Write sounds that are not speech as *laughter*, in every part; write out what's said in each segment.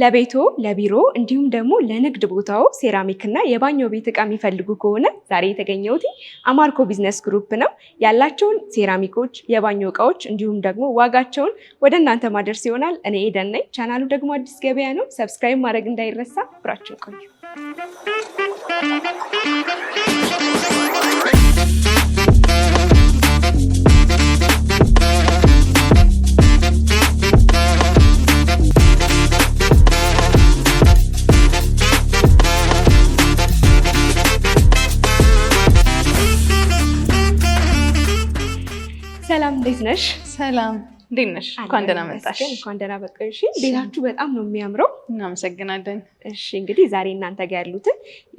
ለቤቶ ለቢሮ እንዲሁም ደግሞ ለንግድ ቦታው ሴራሚክ እና የባኞ ቤት እቃ የሚፈልጉ ከሆነ ዛሬ የተገኘሁት አማርኮ ቢዝነስ ግሩፕ ነው። ያላቸውን ሴራሚኮች፣ የባኞ እቃዎች እንዲሁም ደግሞ ዋጋቸውን ወደ እናንተ ማድረስ ይሆናል። እኔ ኤደን ነኝ። ቻናሉ ደግሞ አዲስ ገበያ ነው። ሰብስክራይብ ማድረግ እንዳይረሳ። ብራችን ቆዩ ሰላም እንዴት ነሽ? ሰላም እንዴት ነሽ? እንኳን ደህና መጣሽ። እንኳን ደህና በቃሽ። ቤታችሁ በጣም ነው የሚያምረው። እናመሰግናለን። እሺ እንግዲህ ዛሬ እናንተ ጋር ያሉትን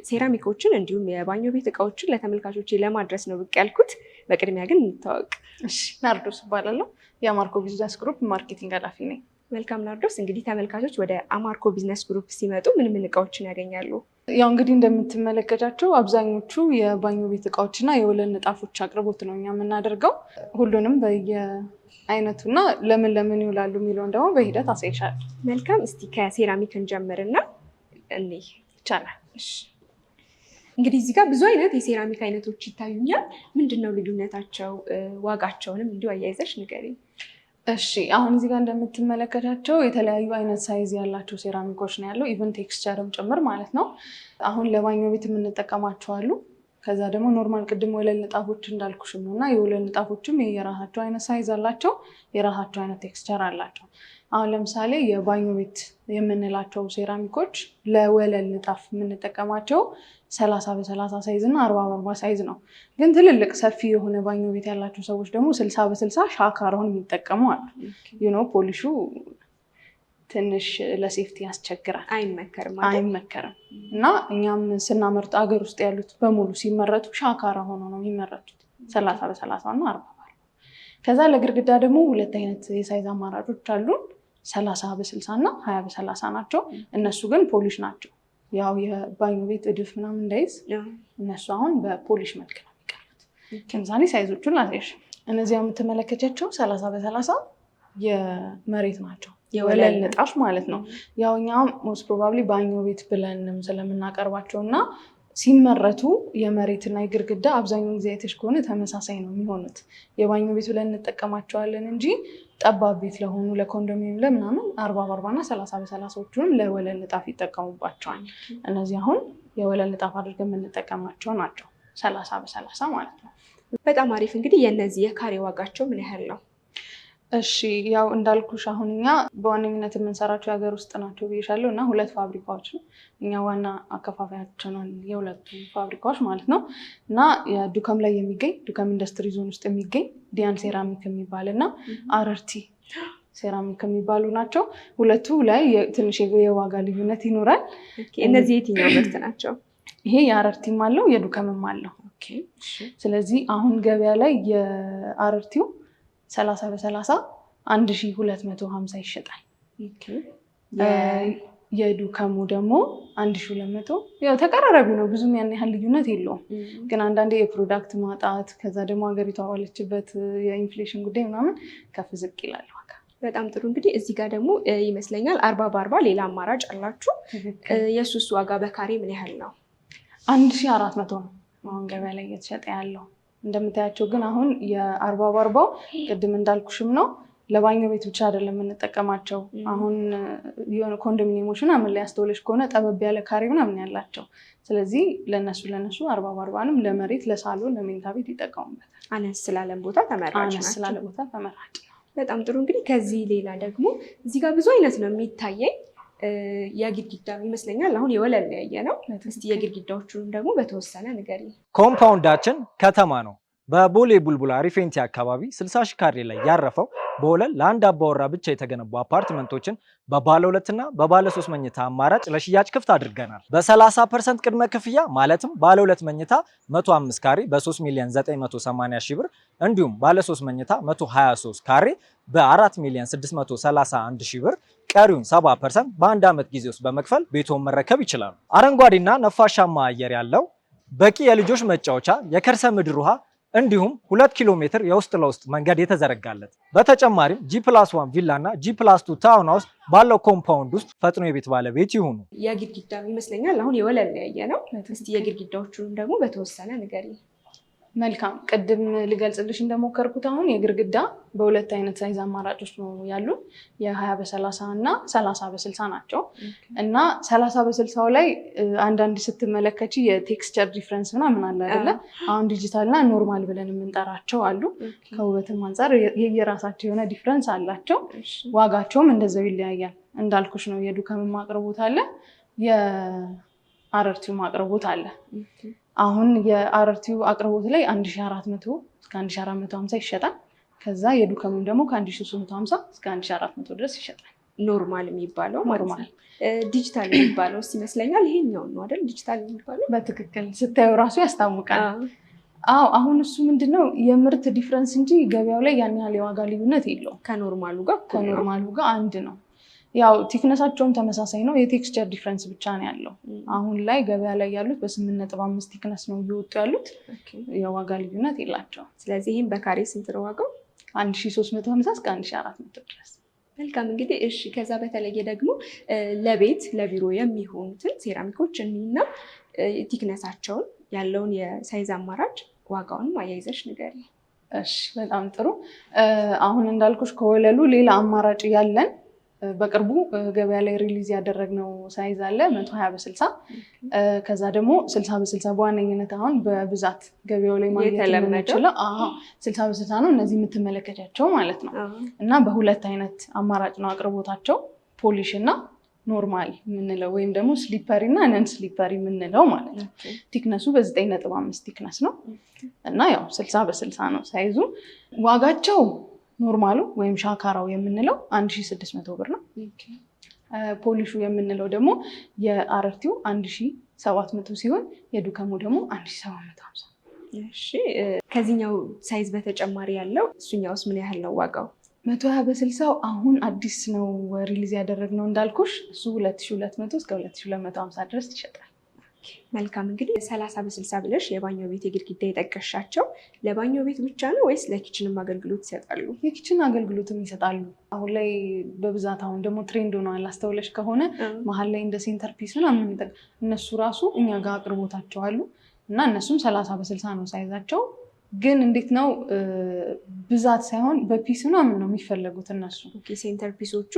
ሴራሚኮችን እንዲሁም የባኞ ቤት እቃዎችን ለተመልካቾች ለማድረስ ነው ብቅ ያልኩት። በቅድሚያ ግን እንታወቅ። እሺ ናርዶስ እባላለሁ። የአማርኮ ቢዝነስ ግሩፕ ማርኬቲንግ ኃላፊ ነኝ። መልካም ናርዶስ፣ እንግዲህ ተመልካቾች ወደ አማርኮ ቢዝነስ ግሩፕ ሲመጡ ምን ምን እቃዎችን ያገኛሉ? ያው እንግዲህ እንደምትመለከታቸው አብዛኞቹ የባኞ ቤት እቃዎችና የወለል ንጣፎች አቅርቦት ነው እኛ የምናደርገው። ሁሉንም በየአይነቱና ለምን ለምን ይውላሉ የሚለውን ደግሞ በሂደት አሳይሻለሁ። መልካም። እስቲ ከሴራሚክ እንጀምርና እኔ ይቻላል። እንግዲህ እዚህ ጋር ብዙ አይነት የሴራሚክ አይነቶች ይታዩኛል። ምንድን ነው ልዩነታቸው? ዋጋቸውንም እንዲሁ አያይዘሽ ንገሪኝ። እሺ አሁን እዚህ ጋር እንደምትመለከታቸው የተለያዩ አይነት ሳይዝ ያላቸው ሴራሚኮች ነው ያለው፣ ኢቨን ቴክስቸርም ጭምር ማለት ነው። አሁን ለባኞ ቤት የምንጠቀማቸው አሉ። ከዛ ደግሞ ኖርማል ቅድም ወለል ንጣፎች እንዳልኩሽም እና የወለል ንጣፎችም የየራሳቸው አይነት ሳይዝ አላቸው፣ የራሳቸው አይነት ቴክስቸር አላቸው። አሁን ለምሳሌ የባኞ ቤት የምንላቸው ሴራሚኮች ለወለል ንጣፍ የምንጠቀማቸው ሰላሳ በሰላሳ ሳይዝ እና አርባ በአርባ ሳይዝ ነው። ግን ትልልቅ ሰፊ የሆነ ባኞ ቤት ያላቸው ሰዎች ደግሞ ስልሳ በስልሳ ሻካራውን የሚጠቀሙ አሉ። ዩኖ ፖሊሹ ትንሽ ለሴፍቲ ያስቸግራል፣ አይመከርም አይመከርም። እና እኛም ስናመርት አገር ውስጥ ያሉት በሙሉ ሲመረቱ ሻካራ ሆኖ ነው የሚመረቱት፣ ሰላሳ በሰላሳ እና አርባ ከዛ ለግድግዳ ደግሞ ሁለት አይነት የሳይዝ አማራጮች አሉን። ሰላሳ በስልሳ እና ሀያ በሰላሳ ናቸው። እነሱ ግን ፖሊሽ ናቸው። ያው የባኞ ቤት እድፍ ምናምን እንዳይዝ እነሱ አሁን በፖሊሽ መልክ ነው የሚቀርቡት። ለምሳሌ ሳይዞቹን ላሳይሽ። እነዚህ የምትመለከቻቸው ሰላሳ በሰላሳ የመሬት ናቸው፣ የወለል ንጣፍ ማለት ነው። ያው እኛም ሞስት ፕሮባብሊ ባኞ ቤት ብለንም ስለምናቀርባቸው እና ሲመረቱ የመሬትና የግርግዳ አብዛኛውን ጊዜ አይተሽ ከሆነ ተመሳሳይ ነው የሚሆኑት። የባኞ ቤት ብለን እንጠቀማቸዋለን እንጂ ጠባብ ቤት ለሆኑ ለኮንዶሚኒየም ለምናምን አርባ በአርባ እና ሰላሳ በሰላሳዎቹንም ለወለል ንጣፍ ይጠቀሙባቸዋል። እነዚህ አሁን የወለል ንጣፍ አድርገን የምንጠቀማቸው ናቸው። ሰላሳ በሰላሳ ማለት ነው። በጣም አሪፍ። እንግዲህ የእነዚህ የካሬ ዋጋቸው ምን ያህል ነው? እሺ ያው እንዳልኩሽ አሁን እኛ በዋነኝነት የምንሰራቸው የሀገር ውስጥ ናቸው ብዬሻለሁ እና ሁለት ፋብሪካዎች ነው እኛ ዋና አከፋፋያችንን የሁለቱ ፋብሪካዎች ማለት ነው እና የዱከም ላይ የሚገኝ ዱከም ኢንዱስትሪ ዞን ውስጥ የሚገኝ ዲያን ሴራሚክ የሚባል እና አረርቲ ሴራሚክ የሚባሉ ናቸው። ሁለቱ ላይ ትንሽ የዋጋ ልዩነት ይኖራል። እነዚህ የትኛው ምርት ናቸው? ይሄ የአረርቲም አለው የዱከምም አለው። ስለዚህ አሁን ገበያ ላይ የአረርቲው ሰላሳ በሰላሳ አንድ ሺ ሁለት መቶ ሀምሳ ይሸጣል። የዱከሙ ደግሞ አንድ ሺ ሁለት መቶ ያው ተቀራራቢ ነው፣ ብዙም ያን ያህል ልዩነት የለውም። ግን አንዳንዴ የፕሮዳክት ማጣት ከዛ ደግሞ ሀገሪቷ ባለችበት የኢንፍሌሽን ጉዳይ ምናምን ከፍ ዝቅ ይላል በጣም ጥሩ እንግዲህ እዚህ ጋር ደግሞ ይመስለኛል አርባ በአርባ ሌላ አማራጭ አላችሁ። የሱስ ዋጋ በካሬ ምን ያህል ነው? አንድ ሺ አራት መቶ ነው አሁን ገበያ ላይ እየተሸጠ ያለው እንደምታያቸው ግን አሁን የአርባ በአርባው ቅድም እንዳልኩሽም ነው ለባኞ ቤት ብቻ አይደለም የምንጠቀማቸው። አሁን የሆነ ኮንዶሚኒየሞች ምናምን ላይ አስተውለሽ ከሆነ ጠበብ ያለ ካሬ ምናምን ያላቸው። ስለዚህ ለነሱ ለነሱ አርባ በአርባንም ለመሬት፣ ለሳሎን፣ ለመኝታ ቤት ይጠቀሙበታል። አነስ ስላለ ቦታ ተመራጭ አነስ ስላለ ቦታ ተመራጭ ነው። በጣም ጥሩ እንግዲህ ከዚህ ሌላ ደግሞ እዚህ ጋር ብዙ አይነት ነው የሚታየኝ የግድግዳ ይመስለኛል አሁን የወለል ያየ ነው። እስኪ የግድግዳዎቹንም ደግሞ በተወሰነ ንገሪኝ። ኮምፓውንዳችን ከተማ ነው። በቦሌ ቡልቡላ ሪፌንቲ አካባቢ 60 ሺህ ካሬ ላይ ያረፈው በወለል ለአንድ አባወራ ብቻ የተገነቡ አፓርትመንቶችን በባለ ሁለትና በባለ ሶስት መኝታ አማራጭ ለሽያጭ ክፍት አድርገናል። በ30 ፐርሰንት ቅድመ ክፍያ ማለትም ባለ ሁለት መኝታ 105 ካሬ በ3 ሚሊዮን 980 ሺህ ብር እንዲሁም ባለ 3 መኝታ 123 ካሬ በ4 ሚሊዮን 631 ሺህ ብር ቀሪውን 70 ፐርሰንት በአንድ ዓመት ጊዜ ውስጥ በመክፈል ቤቶን መረከብ ይችላሉ። አረንጓዴና ነፋሻማ አየር ያለው በቂ የልጆች መጫወቻ፣ የከርሰ ምድር ውሃ እንዲሁም ሁለት ኪሎ ሜትር የውስጥ ለውስጥ መንገድ የተዘረጋለት በተጨማሪም ጂ ፕላስ ዋን ቪላ እና ጂ ፕላስ ቱ ታውን ሃውስ ባለው ኮምፓውንድ ውስጥ ፈጥኖ የቤት ባለቤት ይሁኑ። የግድግዳ ይመስለኛል አሁን የወለል ያየ ነው። እስኪ የግድግዳዎቹንም ደግሞ በተወሰነ ንገሪኝ። መልካም ቅድም ልገልጽልሽ እንደሞከርኩት አሁን የግርግዳ በሁለት አይነት ሳይዝ አማራጮች ነው ያሉ የሀያ በሰላሳ እና ሰላሳ በስልሳ ናቸው። እና ሰላሳ በስልሳው ላይ አንዳንድ ስትመለከች የቴክስቸር ዲፍረንስ ምን አለ አይደለ? አሁን ዲጂታል ና ኖርማል ብለን የምንጠራቸው አሉ። ከውበትም አንጻር የየራሳቸው የሆነ ዲፍረንስ አላቸው። ዋጋቸውም እንደዛው ይለያያል። እንዳልኩሽ ነው የዱከምም አቅርቦት አለ፣ የአረርቲውም አቅርቦት አለ። አሁን የአረርቲው አቅርቦት ላይ 1400 እስከ 1450 ይሸጣል። ከዛ የዱከሙም ደግሞ ከ1350 እስከ 1400 ድረስ ይሸጣል። ኖርማል የሚባለው ኖርማል ዲጂታል የሚባለው ስ ይመስለኛል ይሄኛው ነው አይደል? ዲጂታል የሚባለው በትክክል ስታየው ራሱ ያስታውቃል። አዎ አሁን እሱ ምንድነው የምርት ዲፍረንስ እንጂ ገበያው ላይ ያን ያህል የዋጋ ልዩነት የለውም። ከኖርማሉ ጋር ከኖርማሉ ጋር አንድ ነው። ያው ቲክነሳቸውም ተመሳሳይ ነው። የቴክስቸር ዲፍረንስ ብቻ ነው ያለው። አሁን ላይ ገበያ ላይ ያሉት በስምንት ነጥብ አምስት ቲክነስ ነው እየወጡ ያሉት። የዋጋ ልዩነት የላቸውም። ስለዚህ ይህም በካሬ ስንት ነው ዋጋው? አንድ ሺ ሶስት መቶ ሀምሳ እስከ አንድ ሺ አራት መቶ ድረስ መልካም እንግዲህ እሺ። ከዛ በተለየ ደግሞ ለቤት ለቢሮ የሚሆኑትን ሴራሚኮች እኒና ቲክነሳቸውን ያለውን የሳይዝ አማራጭ ዋጋውንም አያይዘሽ ንገሪ። እሺ፣ በጣም ጥሩ። አሁን እንዳልኩሽ ከወለሉ ሌላ አማራጭ ያለን በቅርቡ ገበያ ላይ ሪሊዝ ያደረግነው ሳይዝ አለ መቶ በ60 ከዛ ደግሞ ስልሳ 60 በዋነኝነት አሁን በብዛት ገበያው ላይ ማግኘት የምንችለው ስልሳ በስልሳ ነው። እነዚህ የምትመለከታቸው ማለት ነው እና በሁለት አይነት አማራጭ ነው አቅርቦታቸው ፖሊሽ እና ኖርማል የምንለው ወይም ደግሞ ስሊፐሪ እና ነን ስሊፐሪ የምንለው ማለት ነው። ቲክነሱ በዘጠኝ ነጥብ አምስት ቲክነስ ነው እና ያው ስልሳ በስልሳ ነው ሳይዙ ዋጋቸው ኖርማሉ ወይም ሻካራው የምንለው 1600 ብር ነው። ፖሊሹ የምንለው ደግሞ የአረርቲው 1700 ሲሆን የዱከሙ ደግሞ 1750። እሺ ከዚህኛው ሳይዝ በተጨማሪ ያለው እሱኛውስ ምን ያህል ነው ዋጋው? መቶ ሀያ በስልሳው አሁን አዲስ ነው ሪሊዝ ያደረግነው እንዳልኩሽ፣ እሱ 2200 እስከ 2250 ድረስ ይሸጣል። መልካም እንግዲህ ሰላሳ በስልሳ ብለሽ የባኞ ቤት የግድግዳ የጠቀሻቸው ለባኞ ቤት ብቻ ነው ወይስ ለኪችንም አገልግሎት ይሰጣሉ? የኪችን አገልግሎትም ይሰጣሉ። አሁን ላይ በብዛት አሁን ደግሞ ትሬንድ ሆነዋል። አስተውለሽ ከሆነ መሀል ላይ እንደ ሴንተር ፒስ ምናምን እነሱ ራሱ እኛ ጋር አቅርቦታቸው አሉ እና እነሱም ሰላሳ በስልሳ ነው ሳይዛቸው ግን እንዴት ነው ብዛት ሳይሆን በፒስ ምናምን ነው የሚፈለጉት እነሱ ሴንተር ፒሶቹ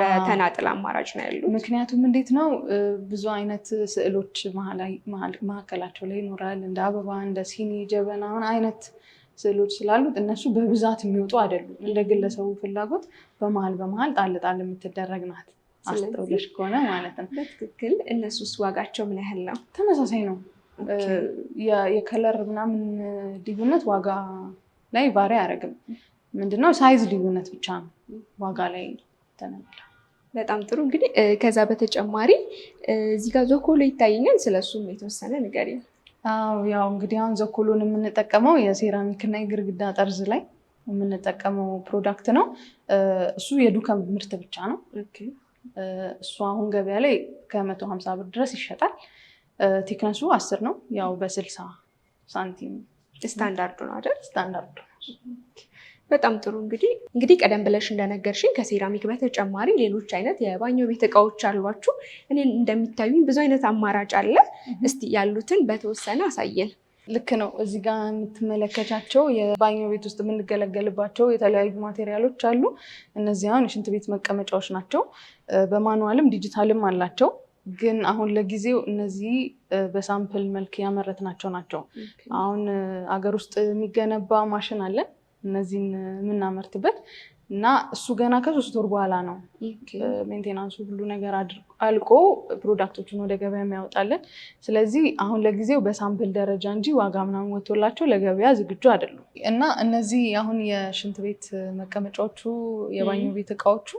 በተናጥል አማራጭ ነው ያሉት። ምክንያቱም እንዴት ነው ብዙ አይነት ስዕሎች መካከላቸው ላይ ይኖራል። እንደ አበባ፣ እንደ ሲኒ፣ ጀበና አይነት ስዕሎች ስላሉት እነሱ በብዛት የሚወጡ አይደሉም። እንደ ግለሰቡ ፍላጎት በመሀል በመሀል ጣል ጣል የምትደረግ ናት። አስተውለሽ ከሆነ ማለት ነው። በትክክል እነሱስ ዋጋቸው ምን ያህል ነው? ተመሳሳይ ነው። የከለር ምናምን ልዩነት ዋጋ ላይ ባሪ አያደርግም። ምንድነው ሳይዝ ልዩነት ብቻ ነው ዋጋ ላይ ተነምለው በጣም ጥሩ እንግዲህ ከዛ በተጨማሪ እዚህ ጋር ዞኮሎ ይታየኛል። ስለሱም የተወሰነ ነገር አዎ ያው እንግዲህ አሁን ዘኮሎን የምንጠቀመው የሴራሚክ እና የግርግዳ ጠርዝ ላይ የምንጠቀመው ፕሮዳክት ነው። እሱ የዱከም ምርት ብቻ ነው። እሱ አሁን ገበያ ላይ ከመቶ ሀምሳ ብር ድረስ ይሸጣል። ቴክነሱ አስር ነው። ያው በስልሳ ሳንቲም ስታንዳርዱ ነው አይደል? ስታንዳርዱ ነው። በጣም ጥሩ እንግዲህ እንግዲህ ቀደም ብለሽ እንደነገርሽኝ ከሴራሚክ በተጨማሪ ሌሎች አይነት የባኞ ቤት እቃዎች አሏችሁ። እኔ እንደሚታዩኝ ብዙ አይነት አማራጭ አለ። እስቲ ያሉትን በተወሰነ አሳየን። ልክ ነው። እዚህ ጋ የምትመለከቻቸው የባኞ ቤት ውስጥ የምንገለገልባቸው የተለያዩ ማቴሪያሎች አሉ። እነዚህ አሁን የሽንት ቤት መቀመጫዎች ናቸው። በማኑዋልም ዲጂታልም አላቸው። ግን አሁን ለጊዜው እነዚህ በሳምፕል መልክ ያመረትናቸው ናቸው። አሁን አገር ውስጥ የሚገነባ ማሽን አለን እነዚህን የምናመርትበት እና እሱ ገና ከሶስት ወር በኋላ ነው ሜንቴናንሱ ሁሉ ነገር አልቆ ፕሮዳክቶችን ወደ ገበያ የሚያወጣለን። ስለዚህ አሁን ለጊዜው በሳምፕል ደረጃ እንጂ ዋጋ ምናምን ወቶላቸው ለገበያ ዝግጁ አይደሉም። እና እነዚህ አሁን የሽንት ቤት መቀመጫዎቹ፣ የባኞ ቤት እቃዎቹ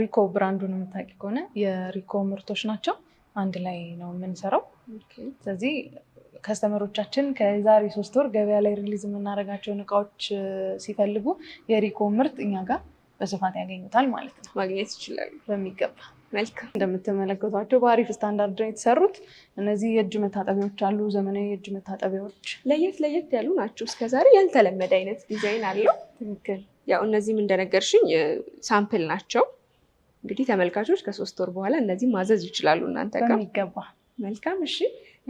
ሪኮ ብራንዱን የምታውቂ ከሆነ የሪኮ ምርቶች ናቸው። አንድ ላይ ነው የምንሰራው። ስለዚህ ከስተመሮቻችን ከዛሬ ሶስት ወር ገበያ ላይ ሪሊዝ የምናደርጋቸውን እቃዎች ሲፈልጉ የሪኮ ምርት እኛ ጋር በስፋት ያገኙታል ማለት ነው። ማግኘት ይችላሉ በሚገባ መልካም። እንደምትመለከቷቸው በአሪፍ ስታንዳርድ ነው የተሰሩት። እነዚህ የእጅ መታጠቢያዎች አሉ፣ ዘመናዊ የእጅ መታጠቢያዎች ለየት ለየት ያሉ ናቸው። እስከዛሬ ያልተለመደ አይነት ዲዛይን አለው። ትክክል። ያው እነዚህም እንደነገርሽኝ ሳምፕል ናቸው። እንግዲህ ተመልካቾች ከሶስት ወር በኋላ እነዚህ ማዘዝ ይችላሉ እናንተ ጋር በሚገባ መልካም። እሺ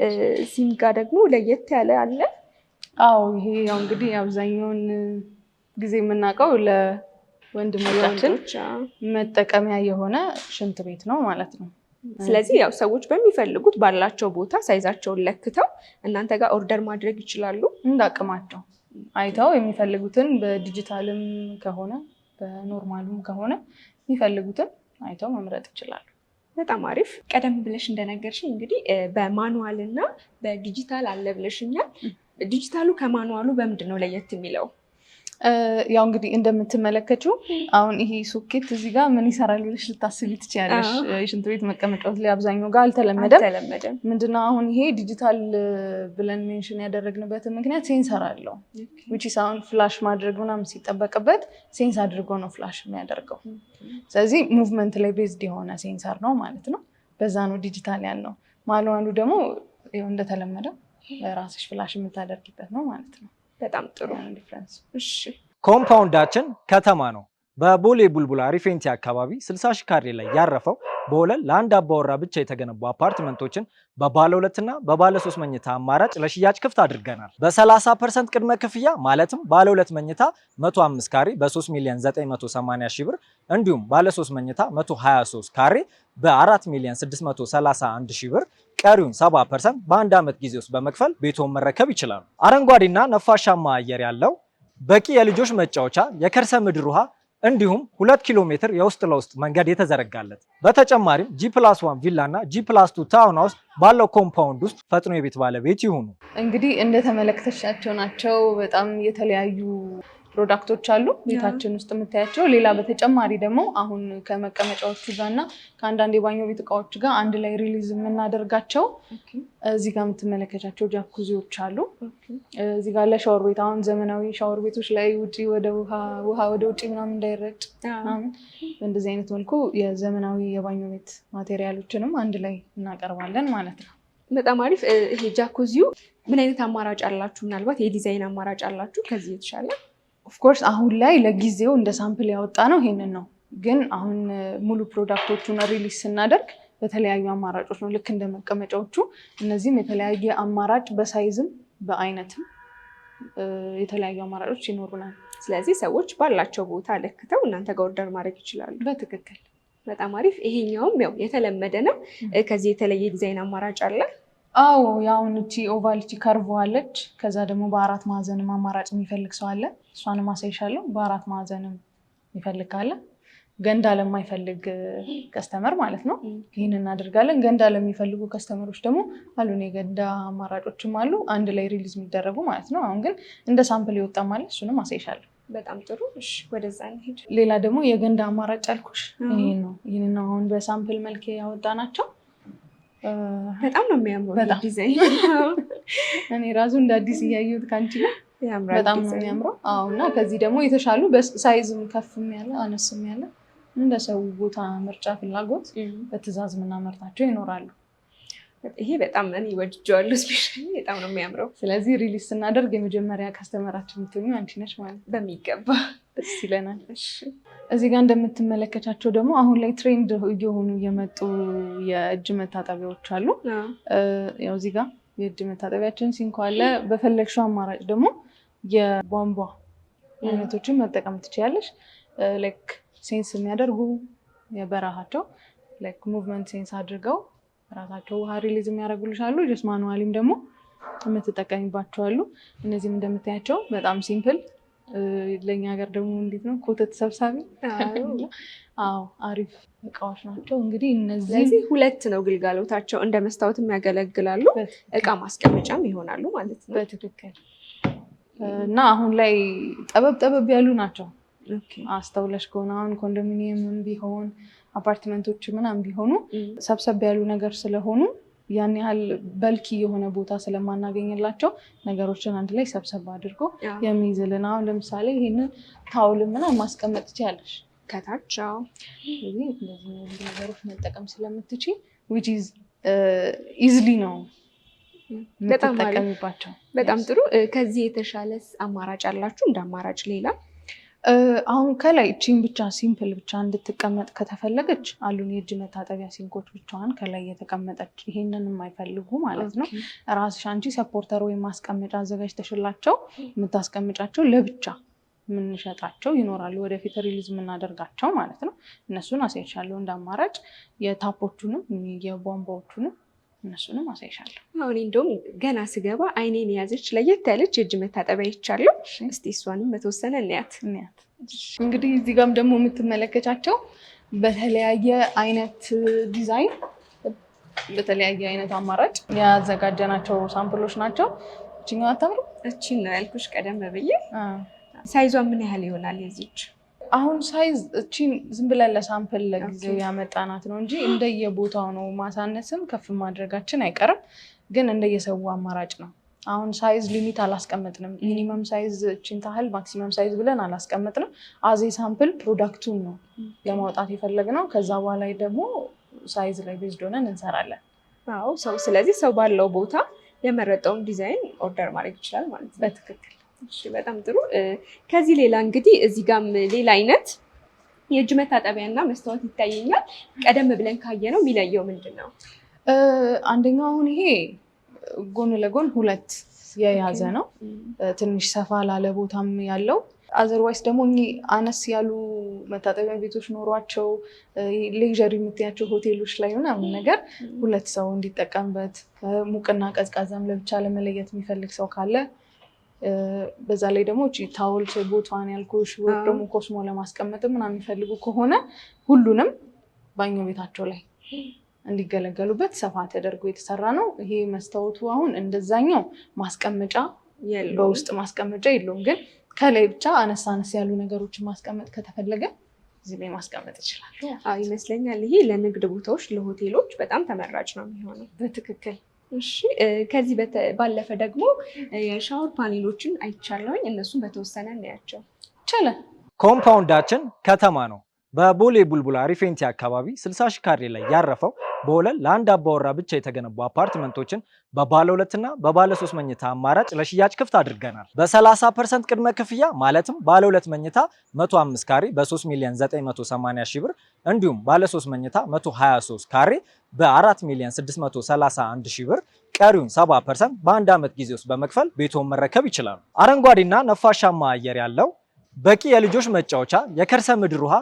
እዚህም ጋር ደግሞ ለየት ያለ አለ። አዎ ይሄ ያው እንግዲህ አብዛኛውን ጊዜ የምናውቀው ለወንድሞቻችን መጠቀሚያ የሆነ ሽንት ቤት ነው ማለት ነው። ስለዚህ ያው ሰዎች በሚፈልጉት ባላቸው ቦታ ሳይዛቸውን ለክተው እናንተ ጋር ኦርደር ማድረግ ይችላሉ፣ እንዳቅማቸው አይተው የሚፈልጉትን በዲጂታልም ከሆነ በኖርማሉም ከሆነ የሚፈልጉትን አይተው መምረጥ ይችላሉ። በጣም አሪፍ። ቀደም ብለሽ እንደነገርሽ እንግዲህ በማኑዋል እና በዲጂታል አለ ብለሽኛል። ዲጂታሉ ከማኑዋሉ በምንድን ነው ለየት የሚለው? ያው እንግዲህ እንደምትመለከችው አሁን ይሄ ሶኬት እዚህ ጋር ምን ይሰራል ብለሽ ልታስቢ ትችያለሽ። የሽንት ቤት መቀመጫዎች ላይ አብዛኛው ጋር አልተለመደም። ምንድነው አሁን ይሄ ዲጂታል ብለን ሜንሽን ያደረግንበትን ምክንያት ሴንሰር አለው። ዊች ኢዝ አሁን ፍላሽ ማድረግ ምናምን ሲጠበቅበት ሴንስ አድርጎ ነው ፍላሽ የሚያደርገው። ስለዚህ ሙቭመንት ላይ ቤዝድ የሆነ ሴንሰር ነው ማለት ነው። በዛ ነው ዲጂታል ያልነው። ማለዋሉ ደግሞ እንደተለመደ ራስሽ ፍላሽ የምታደርግበት ነው ማለት ነው። በጣም ጥሩ ነው ዲፍረንስ። እሺ ኮምፓውንዳችን ከተማ ነው። በቦሌ ቡልቡላ ሪፌንቲ አካባቢ 60 ሺህ ካሬ ላይ ያረፈው በወለል ለአንድ አባወራ ብቻ የተገነቡ አፓርትመንቶችን በባለ ሁለትና በባለ ሶስት መኝታ አማራጭ ለሽያጭ ክፍት አድርገናል። በ30 ፐርሰንት ቅድመ ክፍያ ማለትም ባለ ሁለት መኝታ 105 ካሬ በ3 ሚሊዮን 980 ሺህ ብር እንዲሁም ባለ 3 መኝታ 123 ካሬ በ4 ሚሊዮን 631 ሺህ ብር ቀሪውን 70 ፐርሰንት በአንድ ዓመት ጊዜ ውስጥ በመክፈል ቤቶን መረከብ ይችላሉ። አረንጓዴና ነፋሻማ አየር ያለው በቂ የልጆች መጫወቻ፣ የከርሰ ምድር ውሃ እንዲሁም ሁለት ኪሎ ሜትር የውስጥ ለውስጥ መንገድ የተዘረጋለት በተጨማሪም ጂ ፕላስ ዋን ቪላ እና ጂ ፕላስ ቱ ታውን ሃውስ ባለው ኮምፓውንድ ውስጥ ፈጥኖ የቤት ባለቤት ይሁኑ። እንግዲህ እንደተመለከተሻቸው ናቸው። በጣም የተለያዩ ፕሮዳክቶች አሉ ቤታችን ውስጥ የምታያቸው። ሌላ በተጨማሪ ደግሞ አሁን ከመቀመጫዎቹ ጋር እና ከአንዳንድ የባኞ ቤት እቃዎች ጋር አንድ ላይ ሪሊዝ የምናደርጋቸው እዚህ ጋር የምትመለከቻቸው ጃኩዚዎች አሉ። እዚህ ጋር ለሻወር ቤት አሁን ዘመናዊ ሻወር ቤቶች ላይ ውጪ ወደ ውሃ ወደ ውጪ ምናምን እንዳይረጭ በእንደዚህ አይነት መልኩ የዘመናዊ የባኞ ቤት ማቴሪያሎችንም አንድ ላይ እናቀርባለን ማለት ነው። በጣም አሪፍ። ይሄ ጃኩዚው ምን አይነት አማራጭ አላችሁ? ምናልባት የዲዛይን አማራጭ አላችሁ ከዚህ የተሻለ ኦፍኮርስ አሁን ላይ ለጊዜው እንደ ሳምፕል ያወጣ ነው ይሄንን ነው። ግን አሁን ሙሉ ፕሮዳክቶቹን ሪሊስ ስናደርግ በተለያዩ አማራጮች ነው ልክ እንደ መቀመጫዎቹ። እነዚህም የተለያየ አማራጭ በሳይዝም በአይነትም የተለያዩ አማራጮች ይኖሩናል። ስለዚህ ሰዎች ባላቸው ቦታ ለክተው እናንተ ጋር ኦርደር ማድረግ ይችላሉ። በትክክል በጣም አሪፍ። ይሄኛውም ያው የተለመደ ነው። ከዚህ የተለየ ዲዛይን አማራጭ አለ አዎ የአሁን እቺ ኦቫል እቺ ከርቮ አለች። ከዛ ደግሞ በአራት ማዕዘንም አማራጭ የሚፈልግ ሰው አለ። እሷንም አሳይሻለሁ። በአራት ማዕዘንም የሚፈልግ ካለ ገንዳ ለማይፈልግ ከስተመር ማለት ነው ይህን እናደርጋለን። ገንዳ ለሚፈልጉ ከስተመሮች ደግሞ አሉን የገንዳ አማራጮችም አሉ፣ አንድ ላይ ሪሊዝ የሚደረጉ ማለት ነው። አሁን ግን እንደ ሳምፕል ይወጣ ማለት እሱንም አሳይሻለሁ። በጣም ጥሩ እሺ፣ ወደዛ እንሂድ። ሌላ ደግሞ የገንዳ አማራጭ አልኩሽ ይሄን ነው። ነው አሁን በሳምፕል መልክ ያወጣ ናቸው። በጣም ነው የሚያምረው ዲዛይን። *laughs* እኔ ራሱ እንደ አዲስ እያየሁት ከአንቺ ጋር በጣም ነው የሚያምረው። እና ከዚህ ደግሞ የተሻሉ ሳይዝም ከፍም ያለ አነስም ያለ እንደ ሰው ቦታ ምርጫ ፍላጎት በትዕዛዝ የምናመርታቸው ይኖራሉ። ይሄ በጣም እኔ ወድጄዋለሁ። ስፔሻሊ በጣም ነው የሚያምረው። ስለዚህ ሪሊስ ስናደርግ የመጀመሪያ ከስተመራችን የምትሆኚው አንቺ ነሽ ማለት በሚገባ ደስ ይለናል። እዚህ ጋር እንደምትመለከቻቸው ደግሞ አሁን ላይ ትሬንድ እየሆኑ እየመጡ የእጅ መታጠቢያዎች አሉ። ያው እዚህ ጋር የእጅ መታጠቢያችን ሲንኳ አለ። በፈለግሽው አማራጭ ደግሞ የቧንቧ አይነቶችን መጠቀም ትችላለሽ። ላይክ ሴንስ የሚያደርጉ የበራሃቸው ላይክ ሙቭመንት ሴንስ አድርገው ራሳቸው ውሃ ሪሊዝ የሚያደርጉልሽ አሉ። ጀስ ማኑዋሊም ደግሞ የምትጠቀሚባቸው አሉ። እነዚህም እንደምታያቸው በጣም ሲምፕል ለእኛ ሀገር ደግሞ እንዴት ነው ኮተት ሰብሳቢ አዎ አሪፍ እቃዎች ናቸው። እንግዲህ እነዚህ ሁለት ነው ግልጋሎታቸው። እንደ መስታወትም ያገለግላሉ፣ እቃ ማስቀመጫም ይሆናሉ ማለት ነው። በትክክል እና አሁን ላይ ጠበብ ጠበብ ያሉ ናቸው። አስተውለሽ ከሆነ አሁን ኮንዶሚኒየምም ቢሆን አፓርትመንቶች ምናምን ቢሆኑ ሰብሰብ ያሉ ነገር ስለሆኑ ያን ያህል በልኪ የሆነ ቦታ ስለማናገኝላቸው ነገሮችን አንድ ላይ ሰብሰብ አድርጎ የሚይዝልን። አሁን ለምሳሌ ይህንን ታውል ምናምን ማስቀመጥ ትችያለሽ ከታች ነገሮች መጠቀም ስለምትች ዊች ኢዝሊ ነው የምትጠቀሚባቸው። በጣም ጥሩ። ከዚህ የተሻለ አማራጭ አላችሁ? እንደ አማራጭ ሌላ አሁን ከላይ ቺን ብቻ ሲምፕል ብቻ እንድትቀመጥ ከተፈለገች አሉን የእጅ መታጠቢያ ሲንኮች ብቻዋን ከላይ የተቀመጠች ይሄንን የማይፈልጉ ማለት ነው። ራስሽ አንቺ ሰፖርተር ወይም ማስቀመጫ አዘጋጅተሽላቸው የምታስቀምጫቸው ለብቻ የምንሸጣቸው ይኖራሉ። ወደፊት ሪሊዝ የምናደርጋቸው ማለት ነው። እነሱን አሳይሻለሁ እንደ አማራጭ የታፖቹንም የቧንቧዎቹንም እነሱንም አሳይሻለሁ። አሁን እንደውም ገና ስገባ አይኔን የያዘች ለየት ያለች የእጅ መታጠቢያ ይቻለሁ። እስቲ እሷንም በተወሰነ እንያት እንያት። እንግዲህ እዚህ ጋም ደግሞ የምትመለከቻቸው በተለያየ አይነት ዲዛይን፣ በተለያየ አይነት አማራጭ ያዘጋጀናቸው ሳምፕሎች ናቸው። እችኛው አታምሩ? እቺ ነው ያልኩሽ ቀደም ብዬ። ሳይዟ ምን ያህል ይሆናል የዚች አሁን ሳይዝ እቺን ዝም ብለን ለሳምፕል ለጊዜው ያመጣናት ነው እንጂ እንደየቦታው ነው ማሳነስም ከፍ ማድረጋችን አይቀርም። ግን እንደየሰው አማራጭ ነው። አሁን ሳይዝ ሊሚት አላስቀመጥንም። ሚኒመም ሳይዝ እቺን ታህል ማክሲመም ሳይዝ ብለን አላስቀመጥንም። አዜ ሳምፕል ፕሮዳክቱን ነው ለማውጣት የፈለግነው። ከዛ በኋላ ደግሞ ሳይዝ ላይ ቤዝድ ሆነን እንሰራለን። አዎ ሰው ስለዚህ ሰው ባለው ቦታ የመረጠውን ዲዛይን ኦርደር ማድረግ ይችላል ማለት ነው። በትክክል እሺ፣ በጣም ጥሩ። ከዚህ ሌላ እንግዲህ እዚህ ጋም ሌላ አይነት የእጅ መታጠቢያና መስታወት ይታየኛል። ቀደም ብለን ካየነው የሚለየው ምንድን ነው? አንደኛው አሁን ይሄ ጎን ለጎን ሁለት የያዘ ነው። ትንሽ ሰፋ ላለ ቦታም ያለው አዘርዋይስ ደግሞ እኚህ አነስ ያሉ መታጠቢያ ቤቶች ኖሯቸው ሌዥር የምትያቸው ሆቴሎች ላይ ምናምን ነገር ሁለት ሰው እንዲጠቀምበት ሙቅና ቀዝቃዛም ለብቻ ለመለየት የሚፈልግ ሰው ካለ በዛ ላይ ደግሞ እቺ ታወል ቦቷን ያልኩሽ ወይ ደግሞ ኮስሞ ለማስቀመጥ ምናምን የሚፈልጉ ከሆነ ሁሉንም ባኞ ቤታቸው ላይ እንዲገለገሉበት ሰፋ ተደርጎ የተሰራ ነው። ይሄ መስታወቱ አሁን እንደዛኛው ማስቀመጫ በውስጥ ማስቀመጫ የለውም፣ ግን ከላይ ብቻ አነስ አነስ ያሉ ነገሮችን ማስቀመጥ ከተፈለገ እዚህ ላይ ማስቀመጥ ይችላል ይመስለኛል። ይሄ ለንግድ ቦታዎች ለሆቴሎች በጣም ተመራጭ ነው የሚሆነው በትክክል እሺ ከዚህ ባለፈ ደግሞ የሻወር ፓኔሎችን አይቻለውኝ እነሱን በተወሰነ እናያቸው ይቻላል። ኮምፓውንዳችን ከተማ ነው። በቦሌ ቡልቡላ ሪፌንቲ አካባቢ 60 ሺህ ካሬ ላይ ያረፈው በወለል ለአንድ አባወራ ብቻ የተገነቡ አፓርትመንቶችን በባለ ሁለትና በባለ ሶስት መኝታ አማራጭ ለሽያጭ ክፍት አድርገናል። በ30 ፐርሰንት ቅድመ ክፍያ ማለትም ባለ ሁለት መኝታ 105 ካሬ በ3 ሚሊዮን 980 ሺህ ብር እንዲሁም ባለ ሶስት መኝታ 123 ካሬ በ4 ሚሊዮን 631 ሺህ ብር ቀሪውን 70 ፐርሰንት በአንድ ዓመት ጊዜ ውስጥ በመክፈል ቤቶን መረከብ ይችላሉ። አረንጓዴና ነፋሻማ አየር ያለው በቂ የልጆች መጫወቻ፣ የከርሰ ምድር ውሃ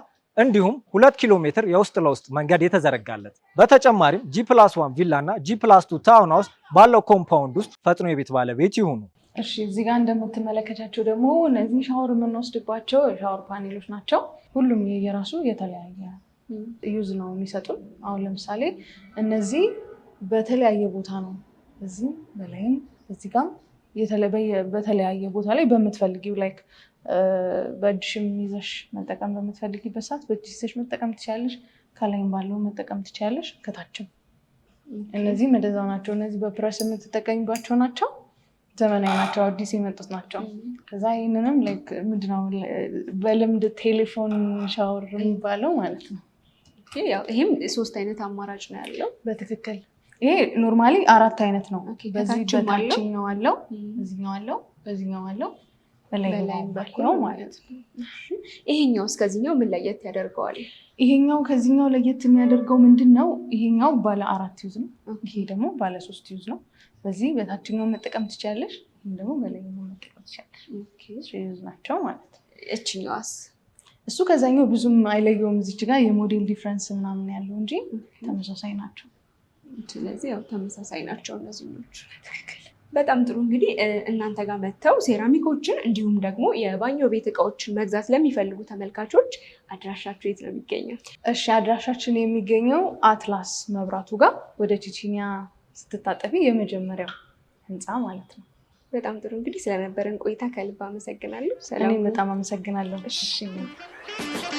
እንዲሁም ሁለት ኪሎ ሜትር የውስጥ ለውስጥ መንገድ የተዘረጋለት በተጨማሪም ጂ ፕላስ ዋን ቪላ እና ጂ ፕላስ ቱ ታውን ሃውስ ባለው ኮምፓውንድ ውስጥ ፈጥኖ የቤት ባለቤት ይሁኑ። እሺ እዚህ ጋር እንደምትመለከታቸው ደግሞ እነዚህ ሻወር የምንወስድባቸው የሻወር ፓኔሎች ናቸው። ሁሉም የየራሱ የተለያየ ዩዝ ነው የሚሰጡን። አሁን ለምሳሌ እነዚህ በተለያየ ቦታ ነው እዚህ በላይም እዚህ ጋር በተለያየ ቦታ ላይ በምትፈልጊው ላይክ በእጅሽም ይዘሽ መጠቀም በምትፈልጊበት ሰዓት በእጅ ይዘሽ መጠቀም ትችላለሽ። ከላይም ባለው መጠቀም ትችላለሽ። ከታችም እነዚህም እንደዛው ናቸው። እነዚህ በፕረስ የምትጠቀሚባቸው ናቸው። ዘመናዊ ናቸው። አዲስ የመጡት ናቸው። ከዛ ይህንንም ምንድነው በልምድ ቴሌፎን ሻወር የሚባለው ማለት ነው። ይህም ሶስት አይነት አማራጭ ነው ያለው። በትክክል ይሄ ኖርማሊ አራት አይነት ነው። በዚህ በታችኛው አለው፣ በዚህኛው አለው፣ በዚህኛው አለው በላይ ነው ማለት ነው። ይሄኛው እስከዚህኛው ምን ለየት ያደርገዋል? ይሄኛው ከዚህኛው ለየት የሚያደርገው ምንድን ነው? ይሄኛው ባለ አራት ዩዝ ነው። ይሄ ደግሞ ባለ ሶስት ዩዝ ነው። በዚህ በታችኛው መጠቀም ትችላለሽ፣ ይህም ደግሞ በላይኛው መጠቀም ትችላለሽ። ዩዝ ናቸው ማለት ነው። እችኛዋስ እሱ ከዛኛው ብዙም አይለየውም። እዚች ጋር የሞዴል ዲፍረንስ ምናምን ያለው እንጂ ተመሳሳይ ናቸው። ስለዚህ ያው ተመሳሳይ ናቸው እነዚህኞቹ። በጣም ጥሩ እንግዲህ እናንተ ጋር መጥተው ሴራሚኮችን እንዲሁም ደግሞ የባኞ ቤት እቃዎችን መግዛት ለሚፈልጉ ተመልካቾች አድራሻቸው የት ነው የሚገኘው? እሺ አድራሻችን የሚገኘው አትላስ መብራቱ ጋር ወደ ቺቺኒያ ስትታጠፊ የመጀመሪያው ህንፃ ማለት ነው። በጣም ጥሩ እንግዲህ ስለነበረን ቆይታ ከልብ አመሰግናለሁ። እኔም በጣም አመሰግናለሁ። እሺ